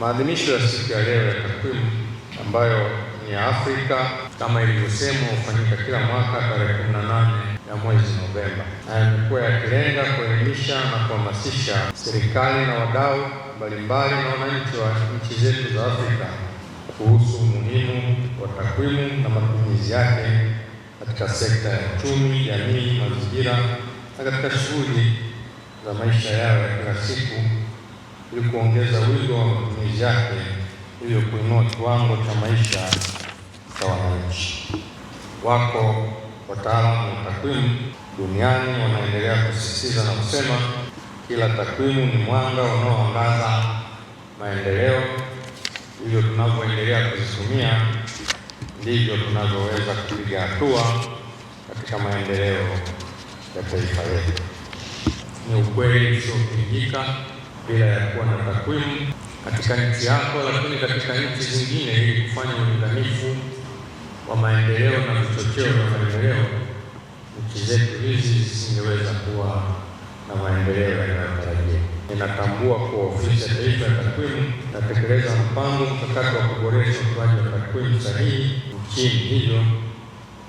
Maadhimisho ya siku ya leo ya takwimu ambayo ni ya Afrika kama ilivyosemwa hufanyika kila mwaka tarehe 18 ya mwezi Novemba, na yamekuwa yakilenga kuelimisha na kuhamasisha serikali na wadau mbalimbali na wananchi wa nchi zetu za Afrika kuhusu umuhimu wa takwimu na matumizi yake katika sekta ya uchumi, jamii, mazingira na katika shughuli za maisha yao ya kila siku ili kuongeza wigo wa matumizi yake, hivyo kuinua kiwango cha maisha cha wananchi. Wako wataalamu wa takwimu duniani wanaendelea kusisitiza na kusema kila takwimu ni mwanga unaoangaza maendeleo, hivyo tunavyoendelea kuzitumia ndivyo tunavyoweza kupiga hatua katika maendeleo ya taifa letu. Ni ukweli usiopingika bila ya kuwa na takwimu katika nchi yako, lakini katika nchi zingine, ili kufanya ulinganifu wa maendeleo na vichocheo vya maendeleo, nchi zetu hizi zisingeweza kuwa na maendeleo yanayotarajia. Ninatambua kuwa Ofisi ya Taifa ya Takwimu inatekeleza mpango mkakati wa kuboresha utoaji wa takwimu sahihi nchini, hivyo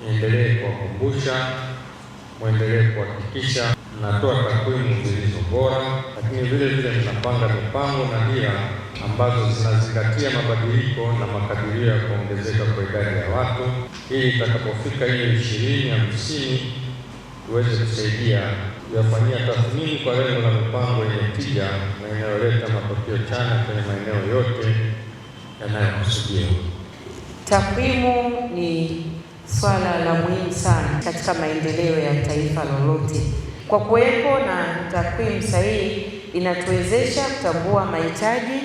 niendelee kuwakumbusha, mwendelee kuhakikisha natoa takwimu bora, lakini vile vile tunapanga mipango na dira ambazo zinazingatia mabadiliko na makadirio ya kuongezeka kwa idadi ya watu ili itakapofika hiyo ishirini hamsini tuweze kusaidia kuyafanyia tathmini kwa lengo la mipango yenye tija na inayoleta matokeo chana kwenye maeneo yote yanayokusudiwa. Takwimu ni swala la muhimu sana katika maendeleo ya taifa lolote. Kwa kuwepo na takwimu sahihi, inatuwezesha kutambua mahitaji,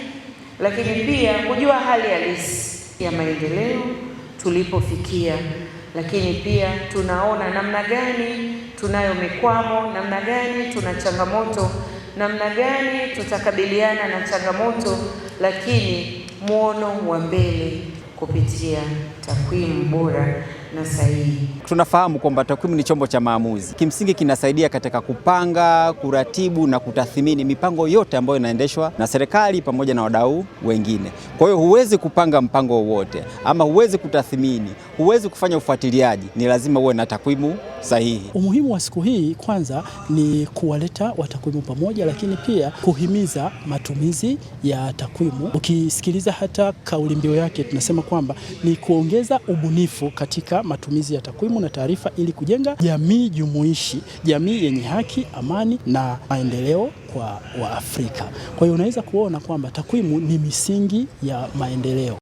lakini pia kujua hali halisi ya maendeleo tulipofikia, lakini pia tunaona namna gani tunayo mikwamo, namna gani tuna changamoto, namna gani tutakabiliana na changamoto, lakini muono wa mbele kupitia takwimu bora na sahihi. Tunafahamu kwamba takwimu ni chombo cha maamuzi, kimsingi kinasaidia katika kupanga, kuratibu na kutathmini mipango yote ambayo inaendeshwa na serikali pamoja na wadau wengine. Kwa hiyo huwezi kupanga mpango wowote ama huwezi kutathmini, huwezi kufanya ufuatiliaji, ni lazima uwe na takwimu sahihi. Umuhimu wa siku hii kwanza ni kuwaleta watakwimu pamoja, lakini pia kuhimiza matumizi ya takwimu. Ukisikiliza hata kauli mbiu yake tunasema kwamba ni kuongeza ubunifu katika matumizi ya takwimu na taarifa ili kujenga jamii jumuishi, jamii yenye haki, amani na maendeleo kwa Waafrika. Kwa hiyo unaweza kuona kwamba takwimu ni misingi ya maendeleo.